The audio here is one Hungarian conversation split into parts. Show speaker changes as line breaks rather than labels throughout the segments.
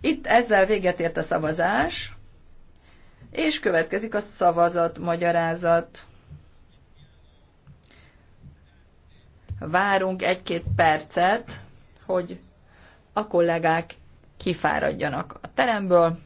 Itt ezzel véget ért a szavazás, és következik a szavazat, magyarázat. Várunk egy-két percet, hogy a kollégák kifáradjanak a teremből.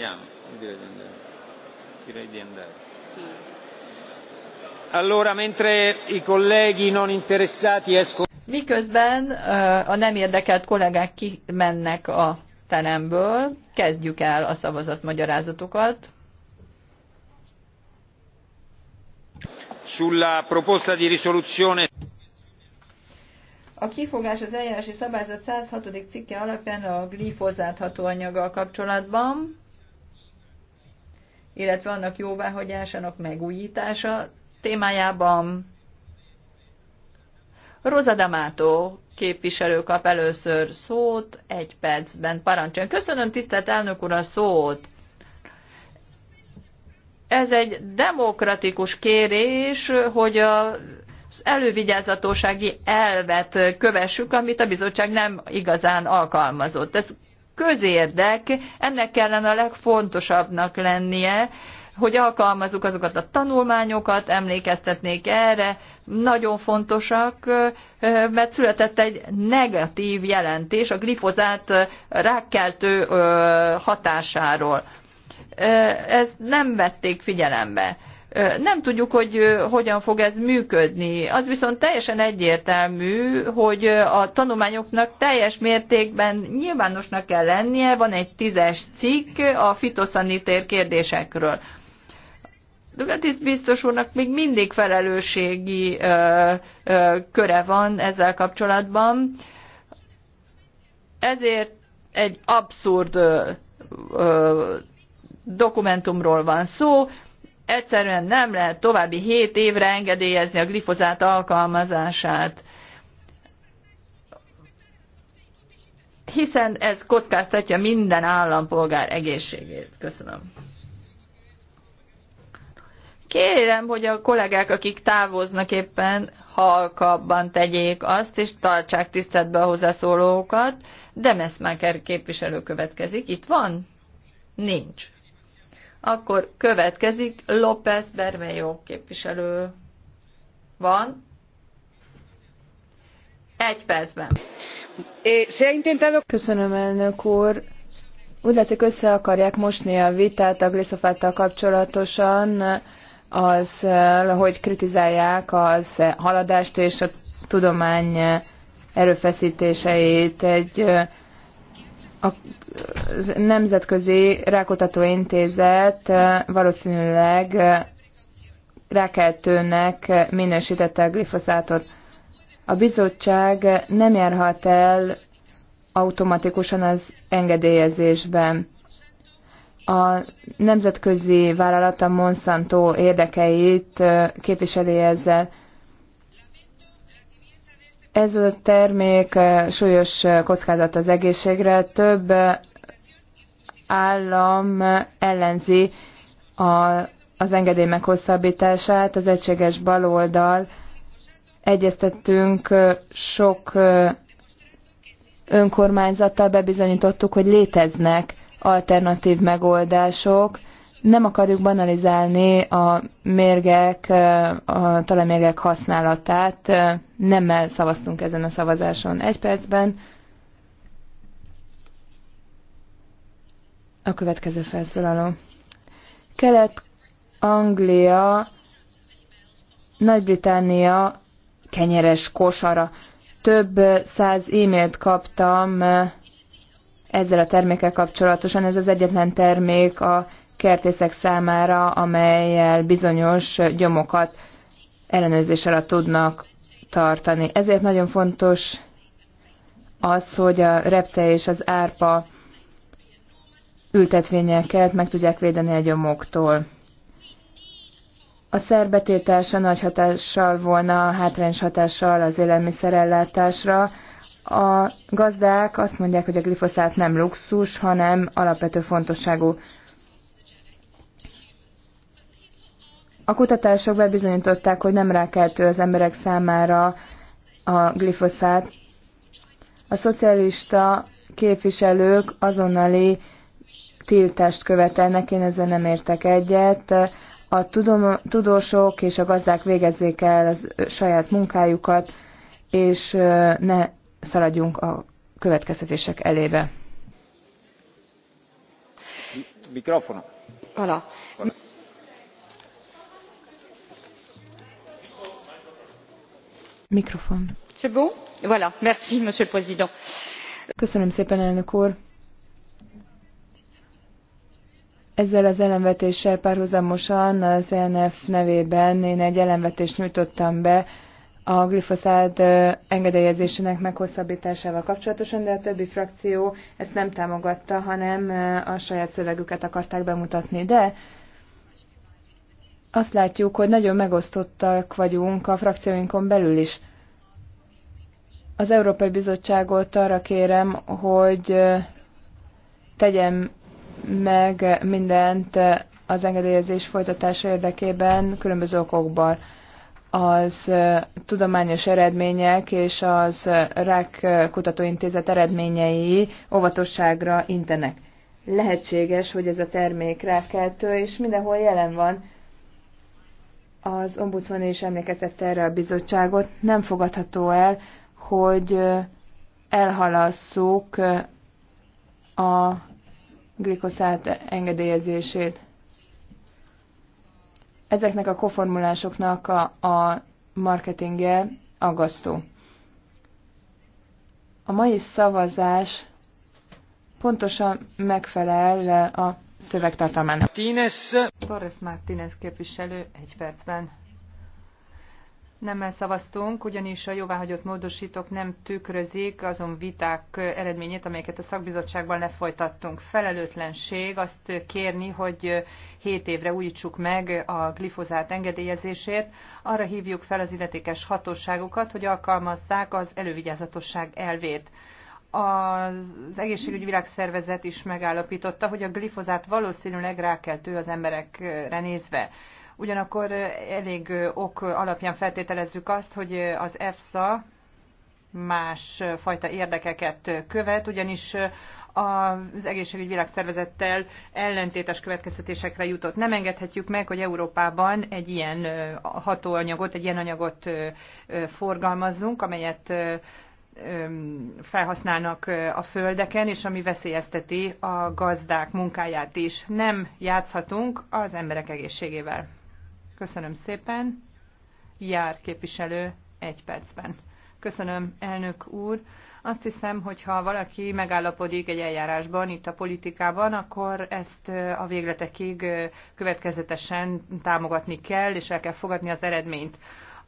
Andiamo, direi di andare. Direi di andare. Sì. Allora, mentre i colleghi non interessati escono...
Miközben eh, a nem érdekelt kollégák kimennek a teremből, kezdjük el a magyarázatokat.
Sulla proposta di risoluzione...
A kifogás az eljárási szabályzat 106. cikke alapján a glifozát hatóanyaggal kapcsolatban illetve annak jóváhagyásának megújítása témájában. Rosa D'Amato képviselő kap először szót, egy percben parancsoljon. Köszönöm tisztelt elnök úr a szót! Ez egy demokratikus kérés, hogy a az elővigyázatósági elvet kövessük, amit a bizottság nem igazán alkalmazott. Ez közérdek, ennek kellene a legfontosabbnak lennie, hogy alkalmazzuk azokat a tanulmányokat, emlékeztetnék erre, nagyon fontosak, mert született egy negatív jelentés a glifozát rákkeltő hatásáról. Ezt nem vették figyelembe. Nem tudjuk, hogy hogyan fog ez működni. Az viszont teljesen egyértelmű, hogy a tanulmányoknak teljes mértékben nyilvánosnak kell lennie, van egy tízes cikk a fitoszanitér kérdésekről. De biztos úrnak még mindig felelősségi ö, ö, köre van ezzel kapcsolatban, ezért egy abszurd ö, ö, dokumentumról van szó, Egyszerűen nem lehet további 7 évre engedélyezni a glifozát alkalmazását. hiszen ez kockáztatja minden állampolgár egészségét. Köszönöm. Kérem, hogy a kollégák, akik távoznak éppen, halkabban tegyék azt, és tartsák tiszteletbe a hozzászólókat. Demeszmáker képviselő következik. Itt van? Nincs. Akkor következik López Bermejo képviselő. Van? Egy percben.
Eh, Köszönöm, elnök úr. Úgy látszik, össze akarják mosni a vitát a glisofáttal kapcsolatosan, az, eh, hogy kritizálják az haladást és a tudomány erőfeszítéseit. Egy eh, a Nemzetközi Rákutató Intézet valószínűleg rákeltőnek minősítette a glifoszátot. A bizottság nem járhat el automatikusan az engedélyezésben. A nemzetközi vállalata Monsanto érdekeit képviseli ezzel. Ez a termék eh, súlyos eh, kockázat az egészségre. Több eh, állam ellenzi a, az engedély meghosszabbítását, az egységes baloldal. Egyeztettünk sok önkormányzattal, bebizonyítottuk, hogy léteznek alternatív megoldások, nem akarjuk banalizálni a mérgek, a talajmérgek használatát. Nemmel szavaztunk ezen a szavazáson egy percben. A következő felszólaló. Kelet-Anglia, Nagy-Britannia kenyeres kosara. Több száz e-mailt kaptam ezzel a termékkel kapcsolatosan. Ez az egyetlen termék a kertészek számára, amelyel bizonyos gyomokat ellenőrzés alatt tudnak tartani. Ezért nagyon fontos az, hogy a repce és az árpa ültetvényeket meg tudják védeni a gyomoktól. A szerbetétása nagy hatással volna, hátrányos hatással az élelmiszerellátásra. A gazdák azt mondják, hogy a glifoszát nem luxus, hanem alapvető fontosságú A kutatások bebizonyították, hogy nem rákeltő az emberek számára a glifoszát. A szocialista képviselők azonnali tiltást követelnek, én ezzel nem értek egyet. A tudom, tudósok és a gazdák végezzék el az saját munkájukat, és ne szaladjunk a következtetések elébe. Mikrofon. Hola.
Hola.
monsieur le président.
Ezzel az ellenvetéssel párhuzamosan az ENF nevében én egy ellenvetést nyújtottam be a glifoszát engedélyezésének meghosszabbtásával kapcsolatosan, de a többi frakció ezt nem támogatta, hanem a saját szövegüket akarták bemutatni. De azt látjuk, hogy nagyon megosztottak vagyunk a frakcióinkon belül is. Az Európai Bizottságot arra kérem, hogy tegyem meg mindent az engedélyezés folytatása érdekében különböző okokból. Az tudományos eredmények és az Rák Kutatóintézet eredményei óvatosságra intenek. Lehetséges, hogy ez a termék rákeltő, és mindenhol jelen van, az ombudsman is emlékeztette erre a bizottságot. Nem fogadható el, hogy elhalasszuk a glikoszát engedélyezését. Ezeknek a koformulásoknak a, a marketingje aggasztó. A mai szavazás pontosan megfelel a szövegtartalmának.
Martínez. Torres Martínez képviselő egy percben. Nemmel szavaztunk, ugyanis a jóváhagyott módosítók nem tükrözik azon viták eredményét, amelyeket a szakbizottságban lefolytattunk. Felelőtlenség azt kérni, hogy 7 évre újítsuk meg a glifozát engedélyezését. Arra hívjuk fel az illetékes hatóságokat, hogy alkalmazzák az elővigyázatosság elvét az egészségügyi világszervezet is megállapította, hogy a glifozát valószínűleg rákeltő az emberekre nézve. Ugyanakkor elég ok alapján feltételezzük azt, hogy az EFSA más fajta érdekeket követ, ugyanis az egészségügyi világszervezettel ellentétes következtetésekre jutott. Nem engedhetjük meg, hogy Európában egy ilyen hatóanyagot, egy ilyen anyagot forgalmazzunk, amelyet felhasználnak a földeken, és ami veszélyezteti a gazdák munkáját is. Nem játszhatunk az emberek egészségével. Köszönöm szépen. Jár képviselő egy percben. Köszönöm, elnök úr. Azt hiszem, hogy ha valaki megállapodik egy eljárásban, itt a politikában, akkor ezt a végletekig következetesen támogatni kell, és el kell fogadni az eredményt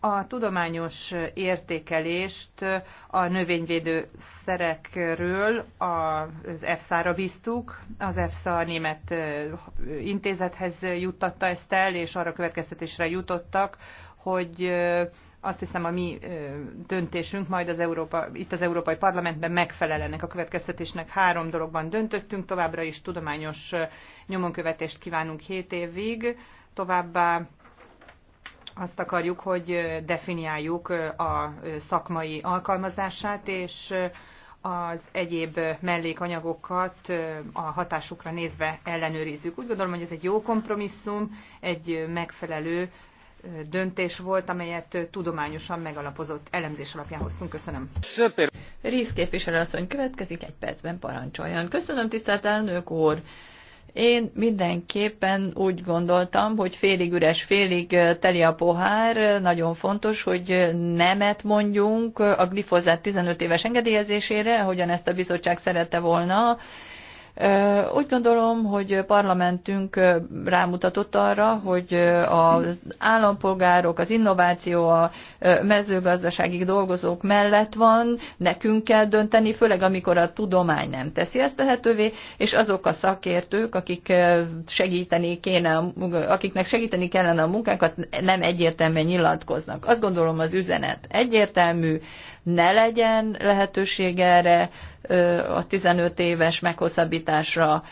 a tudományos értékelést a növényvédő szerekről az EFSA-ra bíztuk. Az EFSA a német intézethez juttatta ezt el, és arra következtetésre jutottak, hogy azt hiszem a mi döntésünk majd az Európa, itt az Európai Parlamentben megfelel ennek a következtetésnek. Három dologban döntöttünk, továbbra is tudományos nyomonkövetést kívánunk 7 évig, továbbá azt akarjuk, hogy definiáljuk a szakmai alkalmazását, és az egyéb mellékanyagokat a hatásukra nézve ellenőrizzük. Úgy gondolom, hogy ez egy jó kompromisszum, egy megfelelő döntés volt, amelyet tudományosan megalapozott elemzés alapján hoztunk. Köszönöm.
Szöper. Rész asszony következik egy percben parancsoljon. Köszönöm, tisztelt elnök úr! Én mindenképpen úgy gondoltam, hogy félig üres, félig teli a pohár, nagyon fontos, hogy nemet mondjunk a glifozát 15 éves engedélyezésére, ahogyan ezt a bizottság szerette volna, úgy gondolom, hogy parlamentünk rámutatott arra, hogy az állampolgárok, az innováció, a mezőgazdasági dolgozók mellett van, nekünk kell dönteni, főleg amikor a tudomány nem teszi ezt lehetővé, és azok a szakértők, akik segíteni kéne, akiknek segíteni kellene a munkánkat, nem egyértelműen nyilatkoznak. Azt gondolom az üzenet egyértelmű, ne legyen lehetőség erre a 15 éves meghosszabbításra.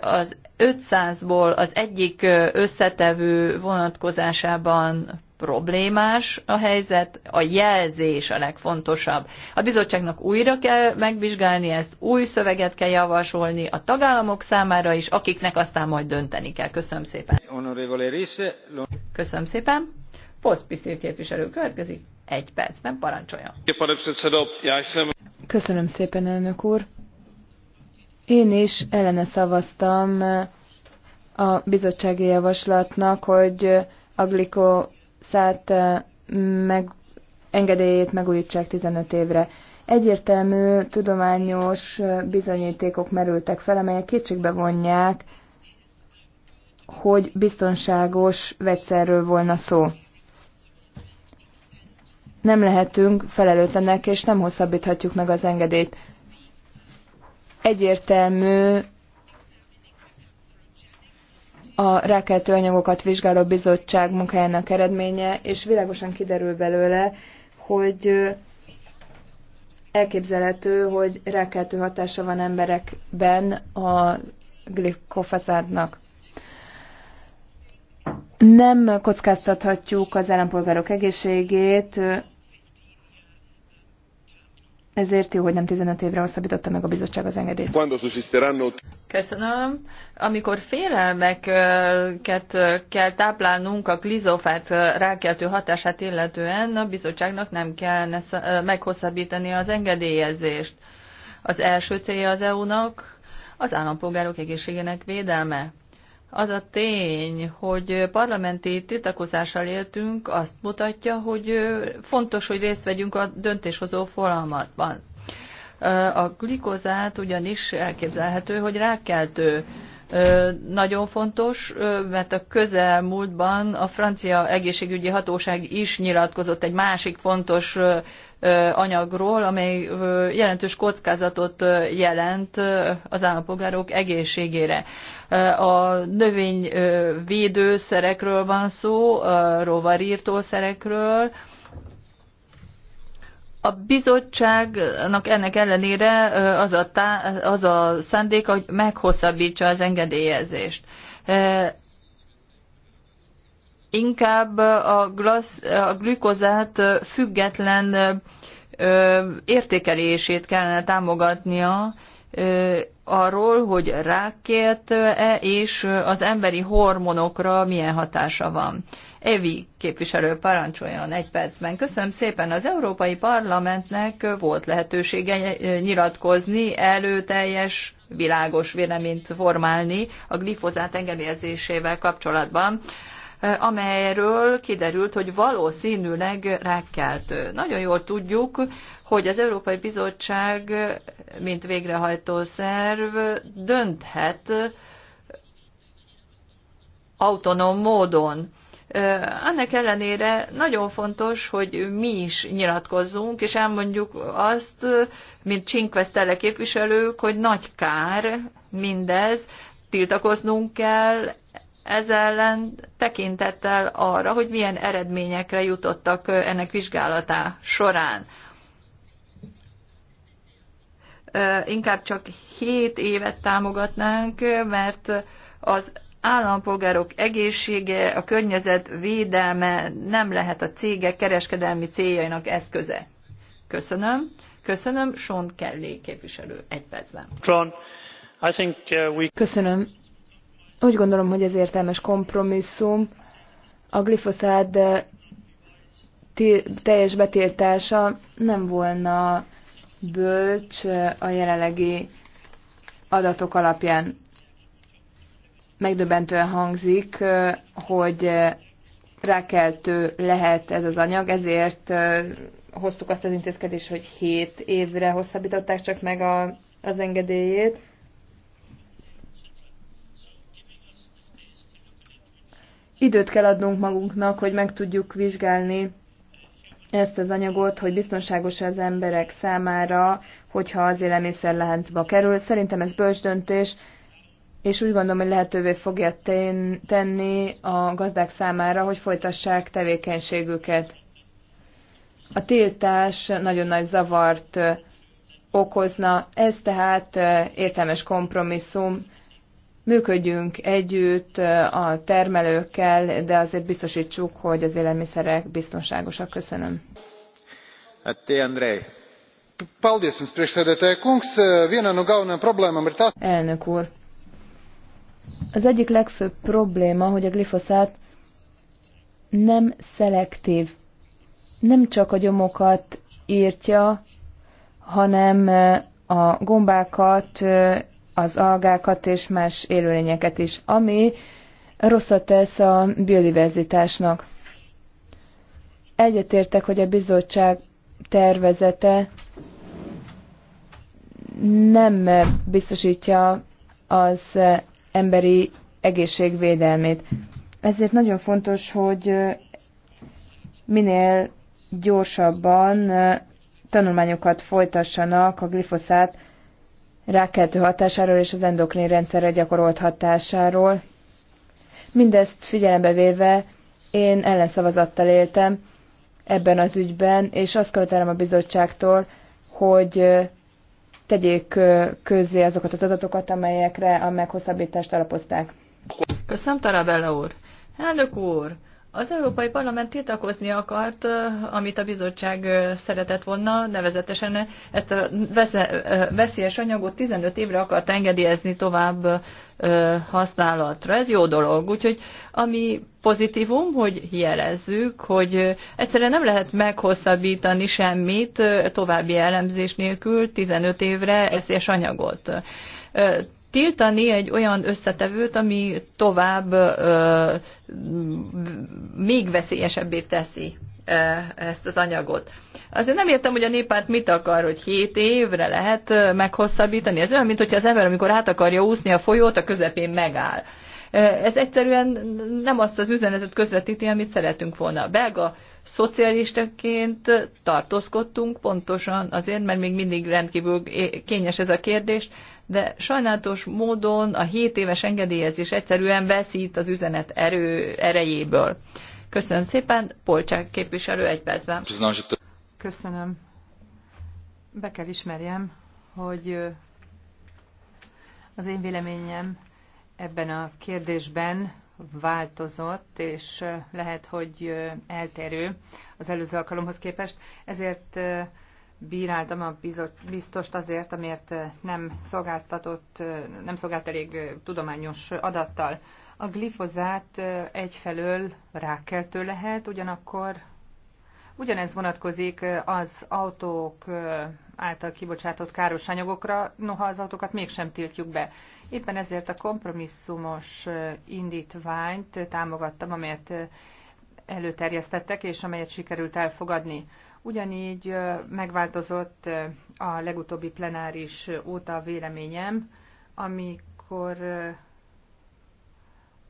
Az 500-ból az egyik összetevő vonatkozásában problémás a helyzet, a jelzés a legfontosabb. A bizottságnak újra kell megvizsgálni ezt, új szöveget kell javasolni a tagállamok számára is, akiknek aztán majd dönteni kell. Köszönöm szépen. Köszönöm szépen. Poszpiszír képviselő következik egy percben, parancsoljon.
Köszönöm szépen, elnök úr. Én is ellene szavaztam a bizottsági javaslatnak, hogy a glikoszát meg, engedélyét megújítsák 15 évre. Egyértelmű tudományos bizonyítékok merültek fel, amelyek kétségbe vonják, hogy biztonságos vegyszerről volna szó nem lehetünk felelőtlenek, és nem hosszabbíthatjuk meg az engedélyt. Egyértelmű a rákeltő anyagokat vizsgáló bizottság munkájának eredménye, és világosan kiderül belőle, hogy elképzelhető, hogy rákeltő hatása van emberekben a glikofaszádnak. Nem kockáztathatjuk az állampolgárok egészségét,
ezért jó, hogy nem 15 évre hosszabbította meg a bizottság az engedélyt. Köszönöm. Amikor félelmeket kell táplálnunk a klizofát rákeltő hatását illetően, a bizottságnak nem kell meghosszabbítani az engedélyezést. Az első célja az EU-nak az állampolgárok egészségének védelme. Az a tény, hogy parlamenti tiltakozással éltünk, azt mutatja, hogy fontos, hogy részt vegyünk a döntéshozó folyamatban. A glikozát ugyanis elképzelhető, hogy rákeltő. nagyon fontos, mert a közelmúltban a francia egészségügyi hatóság is nyilatkozott egy másik fontos anyagról, amely jelentős kockázatot jelent az állampolgárok egészségére. A növényvédőszerekről van szó, a rovarírtószerekről, a bizottságnak ennek ellenére az a, tá, az a szándéka, hogy meghosszabbítsa az engedélyezést inkább a, glasz, a glükozát független értékelését kellene támogatnia arról, hogy rákért-e és az emberi hormonokra milyen hatása van. Evi képviselő parancsoljon egy percben. Köszönöm szépen az Európai Parlamentnek volt lehetősége nyilatkozni, előteljes, világos véleményt formálni a glifozát engedélyezésével kapcsolatban. Eh, amelyről kiderült, hogy valószínűleg rákkelt. Nagyon jól tudjuk, hogy az Európai Bizottság, mint végrehajtó szerv, dönthet autonóm módon. Annak eh, ellenére nagyon fontos, hogy mi is nyilatkozzunk, és elmondjuk azt, mint Csinkvesztele képviselők, hogy nagy kár mindez, tiltakoznunk kell, ez ellen tekintettel arra, hogy milyen eredményekre jutottak ennek vizsgálatá során. Inkább csak 7 évet támogatnánk, mert az állampolgárok egészsége, a környezet védelme nem lehet a cégek kereskedelmi céljainak eszköze. Köszönöm. Köszönöm, Sean Kelly képviselő, egy percben.
Uh, Köszönöm,
úgy gondolom, hogy ez értelmes kompromisszum. A glifoszád eh, teljes betiltása nem volna bölcs eh, a jelenlegi adatok alapján. Megdöbbentően hangzik, eh, hogy rákeltő lehet ez az anyag, ezért hoztuk azt az intézkedést, hogy 7 évre hosszabbították csak meg a, az engedélyét. időt kell adnunk magunknak, hogy meg tudjuk vizsgálni ezt az anyagot, hogy biztonságos az emberek számára, hogyha az élelmiszerláncba kerül. Szerintem ez bölcs döntés, és úgy gondolom, hogy lehetővé fogja tenni a gazdák számára, hogy folytassák tevékenységüket. A tiltás nagyon nagy zavart okozna, ez tehát értelmes kompromisszum, működjünk együtt a termelőkkel, de azért biztosítsuk, hogy az élelmiszerek biztonságosak. Köszönöm.
Hát te, Andrei. Paldies jums, priekšsēdētāja kungs. Viena no galvenajām problēmām ir
Elnök úr. Az egyik legfőbb probléma, hogy a glifoszát nem szelektív. Nem csak a gyomokat írtja, hanem a gombákat az algákat és más élőlényeket is, ami rosszat tesz a biodiverzitásnak. Egyetértek, hogy a bizottság tervezete nem biztosítja az emberi egészségvédelmét. Ezért nagyon fontos, hogy minél gyorsabban tanulmányokat folytassanak a glifoszát rákeltő hatásáról és az endokrin rendszerre gyakorolt hatásáról. Mindezt figyelembe véve én ellenszavazattal éltem ebben az ügyben, és azt követelem a bizottságtól, hogy tegyék közzé azokat az adatokat, amelyekre a meghosszabbítást
alapozták. Köszönöm, Tarabella úr! Elnök úr! Az Európai Parlament tiltakozni akart, amit a bizottság szeretett volna, nevezetesen ezt a veszélyes anyagot 15 évre akart engedélyezni tovább használatra. Ez jó dolog, úgyhogy ami pozitívum, hogy jelezzük, hogy egyszerűen nem lehet meghosszabbítani semmit további elemzés nélkül 15 évre veszélyes anyagot tiltani egy olyan összetevőt, ami tovább ö, még veszélyesebbé teszi ezt az anyagot. Azért nem értem, hogy a néppárt mit akar, hogy 7 évre lehet meghosszabbítani. Ez olyan, mint hogyha az ember, amikor át akarja úszni a folyót, a közepén megáll. Ez egyszerűen nem azt az üzenetet közvetíti, amit szeretünk volna. Belga szocialistaként tartózkodtunk pontosan azért, mert még mindig rendkívül kényes ez a kérdés, de sajnálatos módon a 7 éves engedélyezés egyszerűen veszít az üzenet erő erejéből. Köszönöm szépen, Polcsák képviselő, egy percben. Köszönöm. Be
kell ismerjem, hogy az én véleményem ebben a kérdésben változott, és lehet, hogy eltérő az előző alkalomhoz képest. Ezért bíráltam a biztost azért, amiért nem szolgáltatott, nem szolgált elég tudományos adattal. A glifozát egyfelől rákeltő lehet, ugyanakkor ugyanez vonatkozik az autók által kibocsátott káros anyagokra, noha az autókat mégsem tiltjuk be. Éppen ezért a kompromisszumos indítványt támogattam, amelyet előterjesztettek, és amelyet sikerült elfogadni. Ugyanígy megváltozott a legutóbbi plenáris óta a véleményem, amikor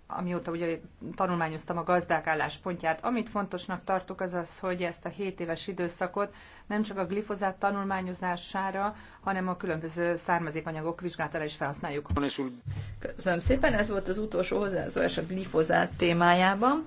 amióta ugye tanulmányoztam a gazdák álláspontját. Amit fontosnak tartok az az, hogy ezt a 7 éves időszakot nem csak a glifozát tanulmányozására, hanem a különböző származékanyagok vizsgálatára is felhasználjuk. Köszönöm
szépen, ez volt az utolsó hozzászólás a glifozát témájában.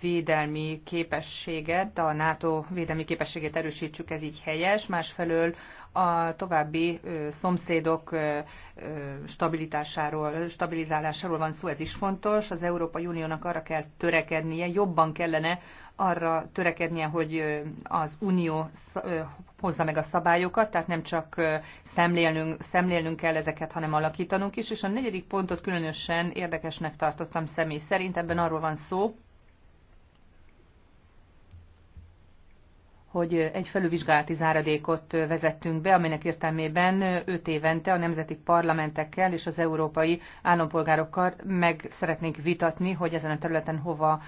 védelmi képességet, a NATO védelmi képességét erősítsük, ez így helyes, másfelől a további szomszédok stabilitásáról, stabilizálásáról van szó, ez is fontos. Az Európai Uniónak arra kell törekednie, jobban kellene arra törekednie, hogy az Unió hozza meg a szabályokat, tehát nem csak szemlélnünk, szemlélnünk kell ezeket, hanem alakítanunk is. És a negyedik pontot különösen érdekesnek tartottam személy szerint, ebben arról van szó, hogy egy felülvizsgálati záradékot vezettünk be, amelynek értelmében öt évente a nemzeti parlamentekkel és az európai állampolgárokkal meg szeretnénk vitatni, hogy ezen a területen hova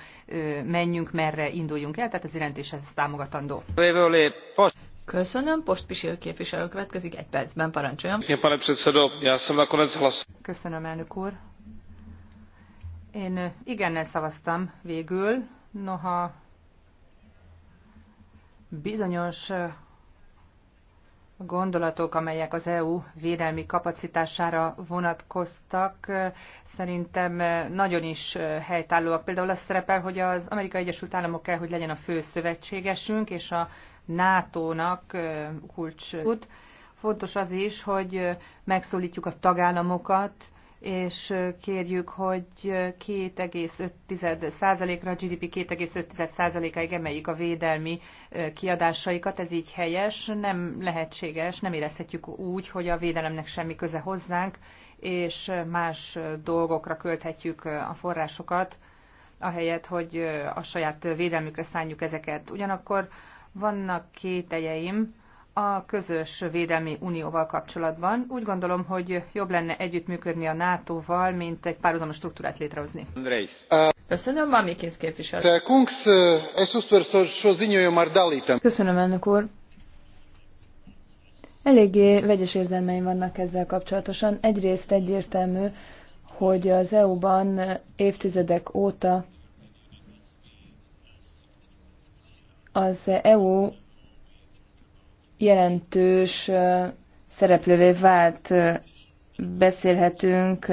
menjünk, merre induljunk el, tehát az jelentés ez támogatandó. Köszönöm, Post Pisil képviselő következik egy percben, parancsoljam. Köszönöm, elnök úr. Én igennel szavaztam végül, noha Bizonyos gondolatok, amelyek az EU védelmi kapacitására vonatkoztak, szerintem nagyon is helytállóak. Például azt szerepel, hogy az Amerikai Egyesült Államok kell, hogy legyen a fő szövetségesünk, és a NATO-nak kulcsút. Fontos az is, hogy megszólítjuk a tagállamokat, és kérjük, hogy 2,5%-ra, a GDP 2,5%-áig emeljük a védelmi kiadásaikat. Ez így helyes, nem lehetséges, nem érezhetjük úgy, hogy a védelemnek semmi köze hozzánk, és más dolgokra költhetjük a forrásokat, ahelyett, hogy a saját védelmükre szánjuk ezeket. Ugyanakkor vannak kételjeim, a közös védelmi unióval kapcsolatban. Úgy gondolom, hogy jobb lenne együttműködni a NATO-val, mint egy párhuzamos struktúrát létrehozni. Köszönöm, Mamikins képviselő.
Eh, Köszönöm, elnök úr.
Eléggé vegyes érzelmeim vannak ezzel kapcsolatosan. Egyrészt egyértelmű, hogy az EU-ban évtizedek óta az EU jelentős szereplővé vált. Beszélhetünk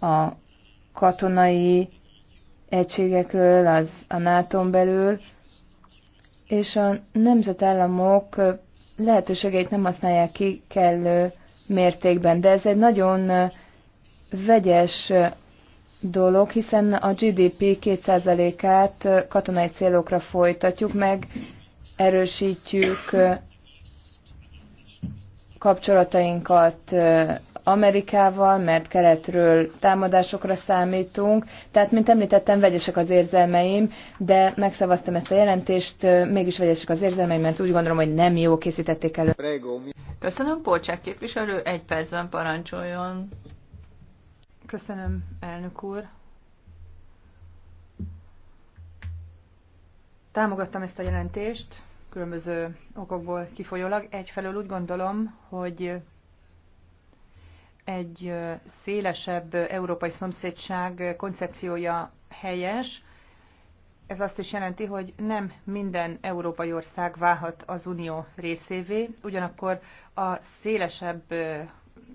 a katonai egységekről, az a nato belül, és a nemzetállamok lehetőségeit nem használják ki kellő mértékben. De ez egy nagyon vegyes dolog, hiszen a GDP 2%-át katonai célokra folytatjuk meg, erősítjük kapcsolatainkat Amerikával, mert keletről támadásokra számítunk. Tehát, mint említettem, vegyesek az érzelmeim, de megszavaztam ezt a jelentést, mégis vegyesek az érzelmeim, mert úgy gondolom, hogy nem jó készítették
elő. Köszönöm, Polcsák képviselő, egy percben parancsoljon. Köszönöm, elnök úr.
Támogattam ezt a jelentést, különböző okokból kifolyólag. Egyfelől úgy gondolom, hogy egy szélesebb európai szomszédság koncepciója helyes. Ez azt is jelenti, hogy nem minden európai ország válhat az unió részévé, ugyanakkor a szélesebb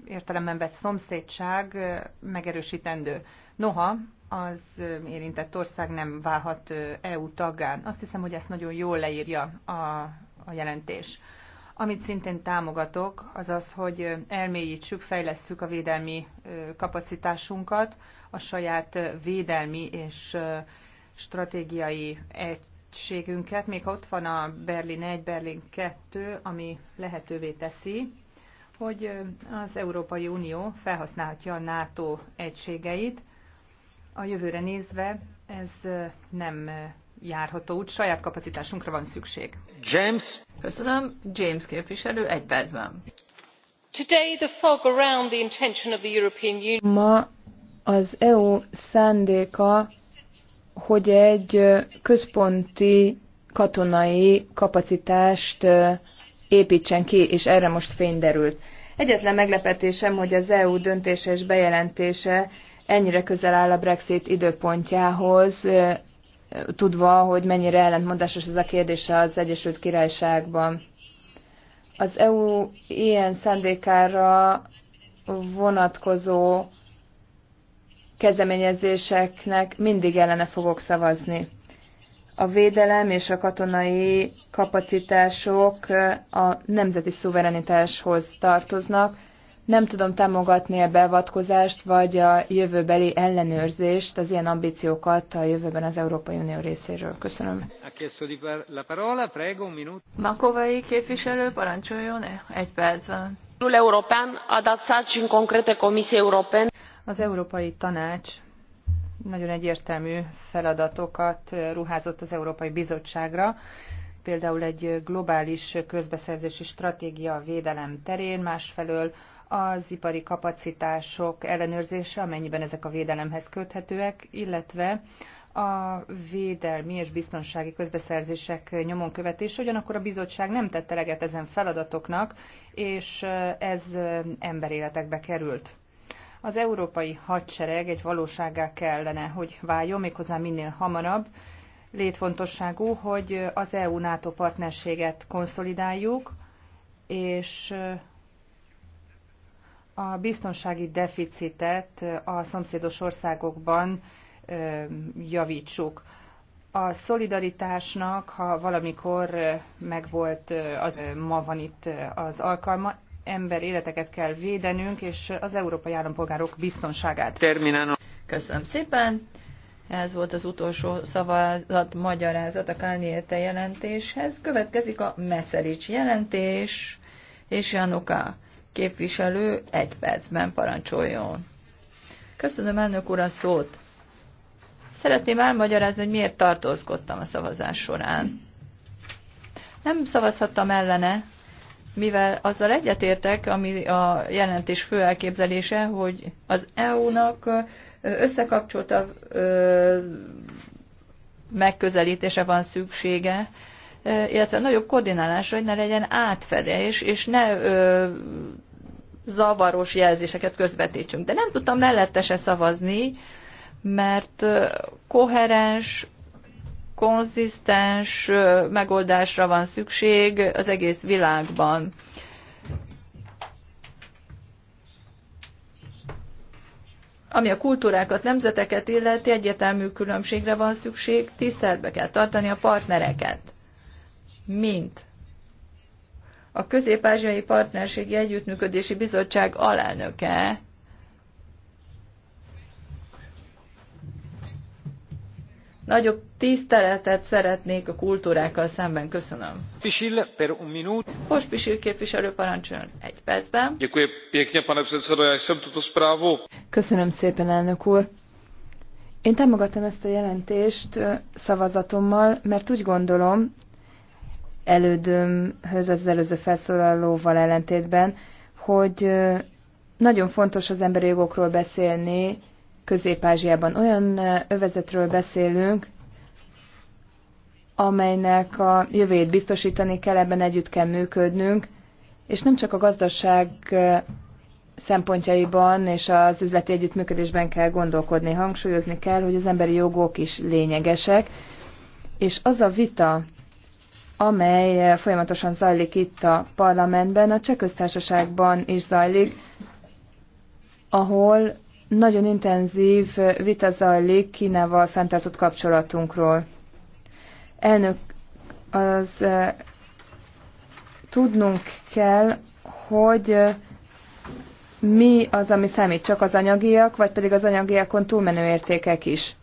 értelemben vett szomszédság megerősítendő. Noha az érintett ország nem válhat EU taggá. Azt hiszem, hogy ezt nagyon jól leírja a, a jelentés. Amit szintén támogatok, az az, hogy elmélyítsük, fejlesszük a védelmi kapacitásunkat, a saját védelmi és stratégiai egységünket, még ott van a Berlin 1, Berlin 2, ami lehetővé teszi, hogy az Európai Unió felhasználhatja a NATO egységeit, a jövőre nézve ez nem járható út, saját kapacitásunkra van szükség. James. Köszönöm,
James képviselő, egy percben. Today the fog around the intention of the European Union. Ma
az EU szándéka, hogy egy központi katonai kapacitást építsen ki, és erre most fény derült. Egyetlen meglepetésem, hogy az EU döntése és bejelentése ennyire közel áll a Brexit időpontjához, tudva, hogy mennyire ellentmondásos ez a kérdés az Egyesült Királyságban. Az EU ilyen szándékára vonatkozó kezdeményezéseknek mindig ellene fogok szavazni. A védelem és a katonai kapacitások a nemzeti szuverenitáshoz tartoznak, nem tudom támogatni a beavatkozást, vagy a jövőbeli ellenőrzést, az ilyen ambíciókat a jövőben az
Európai Unió részéről. Köszönöm. Makovai képviselő, parancsoljon, egy percben. European
Az Európai Tanács nagyon egyértelmű feladatokat ruházott az Európai Bizottságra, például egy globális közbeszerzési stratégia a védelem terén, másfelől az ipari kapacitások ellenőrzése, amennyiben ezek a védelemhez köthetőek, illetve a védelmi és biztonsági közbeszerzések nyomon követése, ugyanakkor a bizottság nem tette eleget ezen feladatoknak, és ez emberéletekbe került. Az európai hadsereg egy valóságá kellene, hogy váljon méghozzá minél hamarabb, létfontosságú, hogy az EU-NATO partnerséget konszolidáljuk, és a biztonsági deficitet a szomszédos országokban javítsuk. A szolidaritásnak, ha valamikor megvolt, az ma van itt az alkalma, ember életeket kell védenünk, és az európai állampolgárok biztonságát. Terminálom. Köszönöm
szépen. Ez volt az utolsó szavazat magyarázat a Kálnyéte jelentéshez. Következik a Meszerics jelentés és Januka képviselő egy percben parancsoljon. Köszönöm elnök úr a szót. Szeretném elmagyarázni, hogy miért tartózkodtam a szavazás során. Nem szavazhattam ellene, mivel azzal egyetértek, ami a jelentés fő elképzelése, hogy az EU-nak összekapcsolta megközelítése van szüksége, illetve nagyobb koordinálásra, hogy ne legyen átfedés, és ne zavaros jelzéseket közvetítsünk. De nem tudtam mellette se szavazni, mert koherens, konzisztens megoldásra van szükség az egész világban. Ami a kultúrákat, nemzeteket illeti, egyértelmű különbségre van szükség, tiszteletbe kell tartani a partnereket mint a Közép-Ázsiai Partnerségi Együttműködési Bizottság alelnöke, nagyobb tiszteletet szeretnék a kultúrákkal szemben. Köszönöm. Pisil, per un minut. Most Pisil képviselő parancsoljon egy percben. Děkuji pěkně, pane předsedo, já jsem tuto zprávu.
Köszönöm szépen, elnök úr. Én támogatom ezt a jelentést szavazatommal, mert úgy gondolom, elődömhöz, az előző felszólalóval ellentétben, hogy nagyon fontos az emberi jogokról beszélni Közép-Ázsiában. Olyan övezetről beszélünk, amelynek a jövőjét biztosítani kell, ebben együtt kell működnünk, és nem csak a gazdaság szempontjaiban és az üzleti együttműködésben kell gondolkodni, hangsúlyozni kell, hogy az emberi jogok is lényegesek, és az a vita, amely folyamatosan zajlik itt a parlamentben, a Cseh köztársaságban is zajlik, ahol nagyon intenzív vita zajlik Kínával fenntartott kapcsolatunkról. Elnök, az eh, tudnunk kell, hogy eh, mi az, ami számít, csak az anyagiak, vagy pedig az anyagiakon túlmenő értékek is.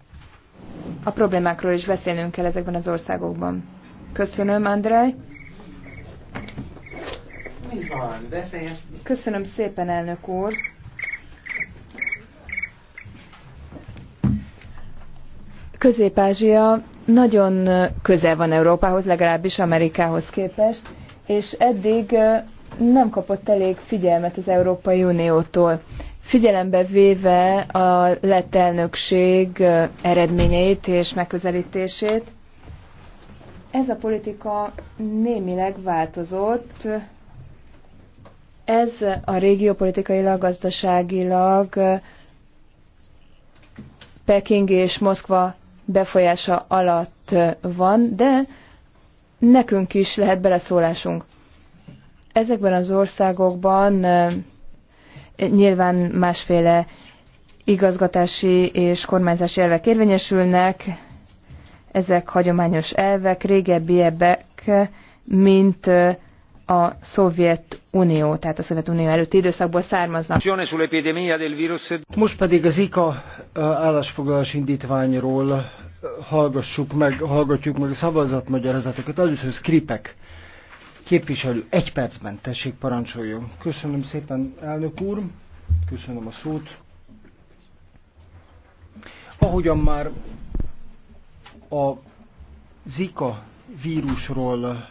A problémákról is beszélnünk kell ezekben az országokban. Köszönöm, Andrej. Köszönöm szépen, elnök úr. Közép-Ázsia nagyon közel van Európához, legalábbis Amerikához képest, és eddig nem kapott elég figyelmet az Európai Uniótól. Figyelembe véve a lett elnökség eredményeit és megközelítését, ez a politika némileg változott. Ez a régió politikailag, gazdaságilag Peking és Moszkva befolyása alatt van, de nekünk is lehet beleszólásunk. Ezekben az országokban eh, nyilván másféle igazgatási és kormányzási elvek érvényesülnek, ezek hagyományos elvek, régebbiek, mint a Szovjetunió, tehát a Szovjetunió előtti időszakból származnak.
Most pedig az IKA állásfoglalás indítványról hallgassuk meg, hallgatjuk meg a szavazatmagyarázatokat. Először Skripek képviselő egy percben tessék parancsoljon. Köszönöm szépen, elnök úr, köszönöm a szót. Ahogyan már a Zika vírusról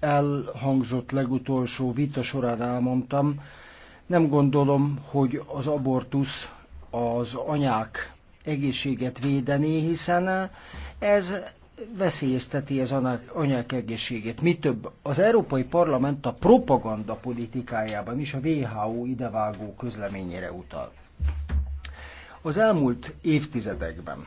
elhangzott legutolsó vita során elmondtam, nem gondolom, hogy az abortusz az anyák egészséget védené, hiszen ez veszélyezteti az anyák egészségét. Mi több, az Európai Parlament a propaganda politikájában is a WHO idevágó közleményére utal. Az elmúlt évtizedekben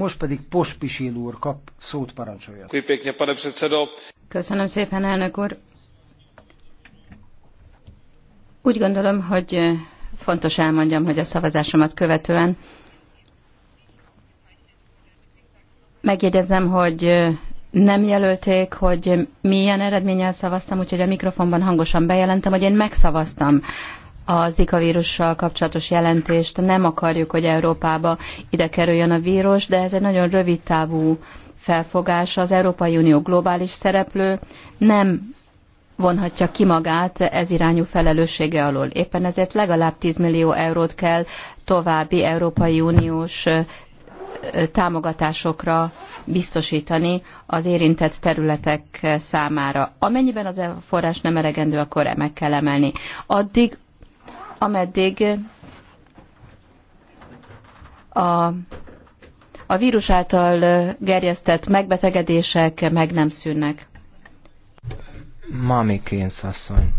most pedig Pospisil úr kap szót parancsolja.
Köszönöm szépen, elnök úr. Úgy gondolom, hogy fontos elmondjam, hogy a szavazásomat követően megjegyezem, hogy nem jelölték, hogy milyen eredménnyel szavaztam, úgyhogy a mikrofonban hangosan bejelentem, hogy én megszavaztam a Zika vírussal kapcsolatos jelentést. Nem akarjuk, hogy Európába ide kerüljön a vírus, de ez egy nagyon rövid távú felfogás. Az Európai Unió globális szereplő nem vonhatja ki magát ez irányú felelőssége alól. Éppen ezért legalább 10 millió eurót kell további Európai Uniós támogatásokra biztosítani az érintett területek számára. Amennyiben az e forrás nem elegendő, akkor meg kell emelni. Addig ameddig a, a vírus által gerjesztett megbetegedések meg nem szűnnek.
Mami asszony,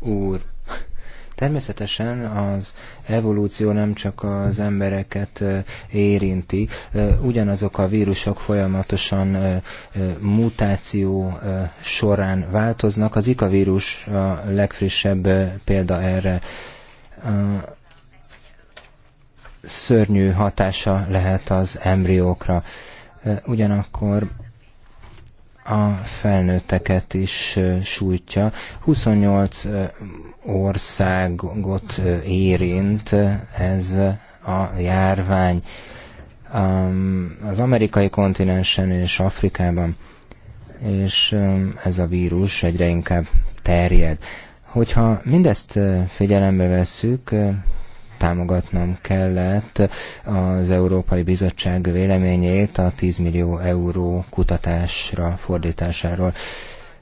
úr, Természetesen az evolúció nem csak az embereket érinti, ugyanazok a vírusok folyamatosan mutáció során változnak. Az ikavírus a legfrissebb példa erre szörnyű hatása lehet az embriókra. Ugyanakkor a felnőtteket is sújtja. 28 országot érint ez a járvány um, az amerikai kontinensen és Afrikában, és um, ez a vírus egyre inkább terjed. Hogyha mindezt figyelembe vesszük, támogatnom kellett az Európai Bizottság véleményét a 10 millió euró kutatásra fordításáról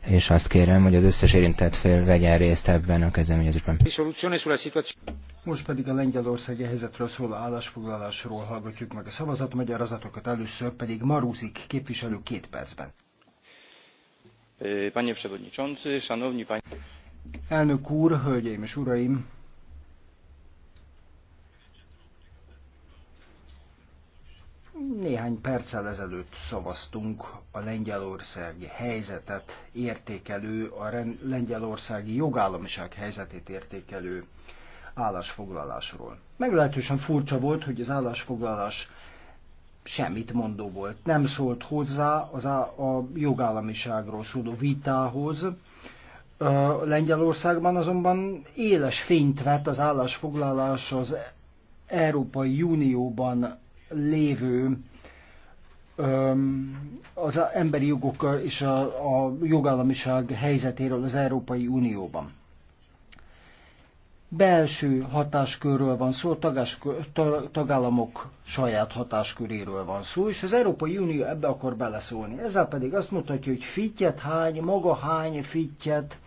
és azt kérem, hogy az összes érintett fél vegyen részt ebben a kezdeményezésben.
Most pedig a lengyelországi helyzetről szóló állásfoglalásról hallgatjuk meg a szavazat magyarázatokat, először pedig Maruzik képviselő két percben.
Panie Przewodniczący, Szanowni Panie...
Elnök úr, hölgyeim és uraim! Néhány perccel ezelőtt szavaztunk a lengyelországi helyzetet értékelő, a lengyelországi jogállamiság helyzetét értékelő állásfoglalásról. Meglehetősen furcsa volt, hogy az állásfoglalás semmit mondó volt. Nem szólt hozzá az a, a jogállamiságról szóló vitához, Lengyelországban azonban éles fényt vett az állásfoglalás az Európai Unióban lévő az emberi jogok és a, a jogállamiság helyzetéről az Európai Unióban. Belső hatáskörről van szó, tagás, tagállamok saját hatásköréről van szó, és az Európai Unió ebbe akar beleszólni. Ezzel pedig azt mutatja, hogy fittyet hány, maga hány fittyet,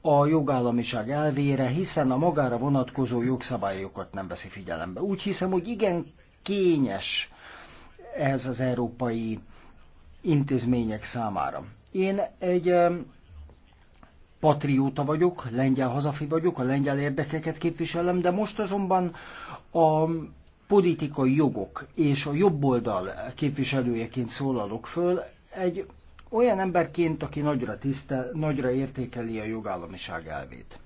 a jogállamiság elvére, hiszen a magára vonatkozó jogszabályokat nem veszi figyelembe. Úgy hiszem, hogy igen kényes ez az európai intézmények számára. Én egy patrióta vagyok, lengyel hazafi vagyok, a lengyel érdekeket képviselem, de most azonban a politikai jogok és a jobb képviselőjeként szólalok föl, egy olyan emberként, aki nagyra, tisztel, nagyra értékeli a jogállamiság elvét.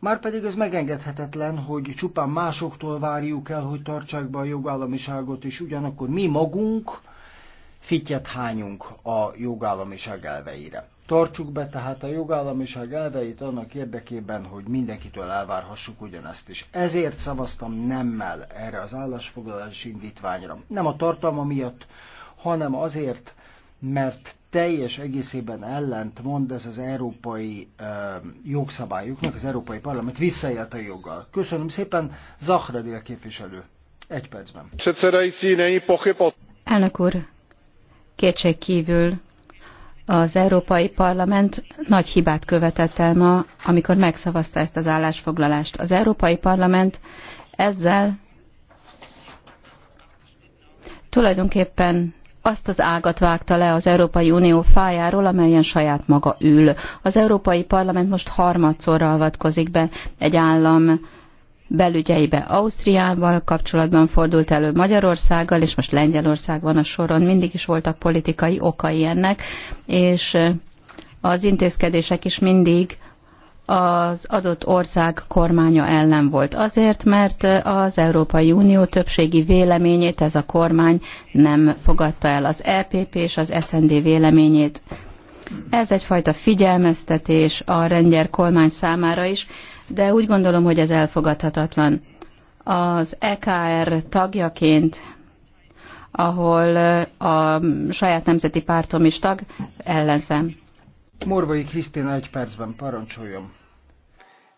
Márpedig ez megengedhetetlen, hogy csupán másoktól várjuk el, hogy tartsák be a jogállamiságot, és ugyanakkor mi magunk fityet hányunk a jogállamiság elveire. Tartsuk be tehát a jogállamiság elveit annak érdekében, hogy mindenkitől elvárhassuk ugyanezt is. Ezért szavaztam nemmel erre az állásfoglalás indítványra. Nem a tartalma miatt, hanem azért, mert teljes egészében ellent mond ez az európai ö, jogszabályoknak, az Európai Parlament visszaélt a joggal. Köszönöm szépen, Zahradil képviselő.
Egy percben.
Elnök úr, kétség kívül az Európai Parlament nagy hibát követett el ma, amikor megszavazta ezt az állásfoglalást. Az Európai Parlament ezzel tulajdonképpen azt az ágat vágta le az Európai Unió fájáról, amelyen saját maga ül. Az Európai Parlament most harmadszorra avatkozik be egy állam belügyeibe Ausztriával kapcsolatban fordult elő Magyarországgal, és most Lengyelország van a soron, mindig is voltak politikai okai ennek, és eh, az intézkedések is mindig az adott ország kormánya ellen volt. Azért, mert eh, az Európai Unió többségi véleményét ez a kormány nem fogadta el, az EPP és az SND véleményét. Ez egyfajta figyelmeztetés a rendjer kormány számára is, de úgy gondolom, hogy ez elfogadhatatlan. Az EKR tagjaként, ahol a saját nemzeti pártom is tag, ellenzem.
Morvai Krisztina egy percben parancsoljon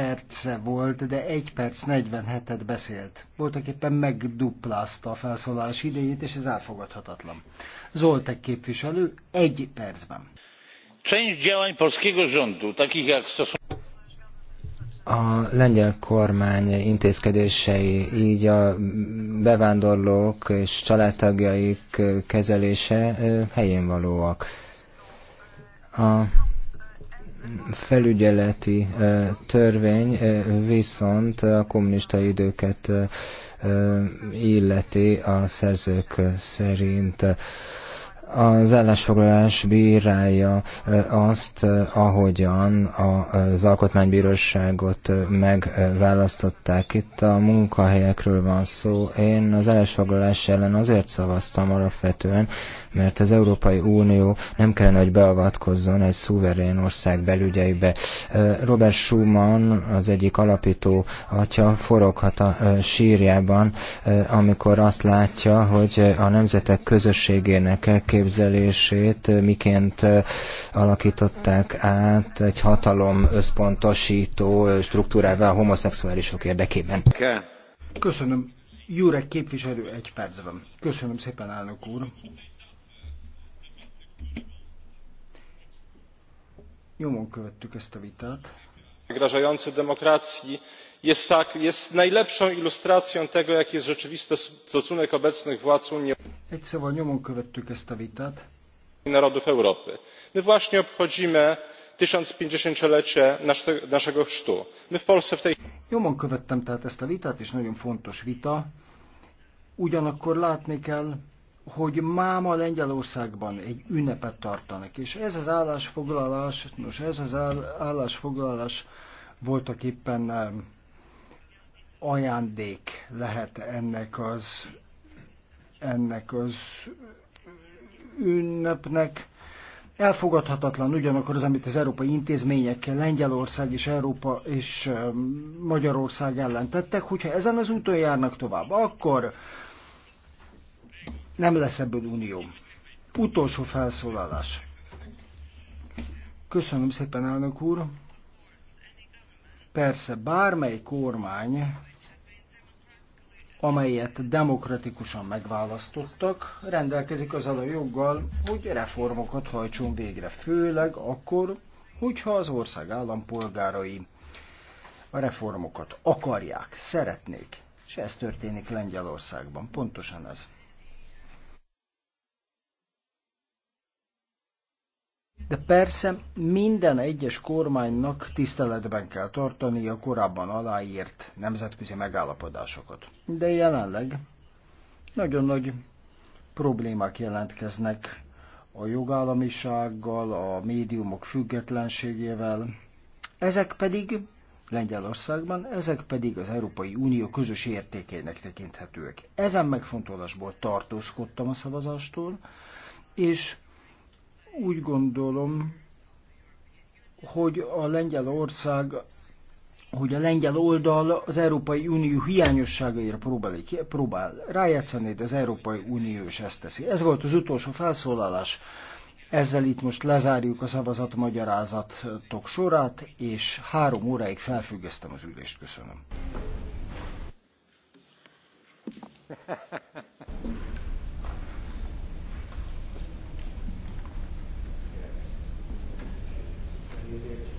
perce volt, de 1 perc 47-et beszélt. Voltak éppen megduplázta a felszólás idejét, és ez elfogadhatatlan. Zoltek képviselő egy percben. Część działań polskiego rządu, takich jak stosunek
a lengyel kormány intézkedései, így a bevándorlók és családtagjaik kezelése helyén valóak. A felügyeleti törvény viszont a kommunista időket illeti a szerzők szerint az állásfoglalás bírálja azt, ahogyan az alkotmánybíróságot megválasztották. Itt a munkahelyekről van szó. Én az állásfoglalás ellen azért szavaztam alapvetően, mert az Európai Unió nem kellene, hogy beavatkozzon egy szuverén ország belügyeibe. Robert Schumann, az egyik alapító atya foroghat a sírjában, amikor azt látja, hogy a nemzetek közösségének elképzelését, miként alakították át egy hatalom összpontosító struktúrával a homoszexuálisok érdekében.
Köszönöm. Jurek képviselő egy van. Köszönöm szépen, állnok úr. Nyomon követtük ezt a vitát.
Zagrażający demokracji jest, tak, jest najlepszą ilustracją tego, jaki jest rzeczywisty stosunek obecnych władz Unii
egy szóval nyomon követtük ezt a vitát.
Narodów Europy. My właśnie obchodzimy 1050-lecie naszego chrztu.
My w Polsce w tej... Nyomon követtem tehát ezt a vitát, és nagyon fontos vita. Ugyanakkor látni kell, hogy máma Lengyelországban egy ünnepet tartanak, és ez az állásfoglalás, nos ez az állásfoglalás voltak éppen ajándék lehet ennek az ennek az ünnepnek. Elfogadhatatlan ugyanakkor az, amit az európai intézményekkel Lengyelország és Európa és um, Magyarország ellen tettek, hogyha ezen az úton járnak tovább, akkor nem lesz ebből unió. Utolsó felszólalás. Köszönöm szépen, elnök úr. Persze, bármely kormány amelyet demokratikusan megválasztottak, rendelkezik azzal a joggal, hogy reformokat hajtson végre, főleg akkor, hogyha az ország állampolgárai a reformokat akarják, szeretnék, és ez történik Lengyelországban, pontosan ez. De persze minden egyes kormánynak tiszteletben kell tartani a korábban aláírt nemzetközi megállapodásokat. De jelenleg nagyon nagy problémák jelentkeznek a jogállamisággal, a médiumok függetlenségével. Ezek pedig Lengyelországban, ezek pedig az Európai Unió közös értékeinek tekinthetőek. Ezen megfontolásból tartózkodtam a szavazástól, és úgy gondolom, hogy a lengyel ország, hogy a lengyel oldal az Európai Unió hiányosságaira próbál, próbál rájátszani, de az Európai Unió is ezt teszi. Ez volt az utolsó felszólalás. Ezzel itt most lezárjuk a szavazat magyarázatok sorát, és három óráig felfüggesztem az ülést. Köszönöm.
Thank you.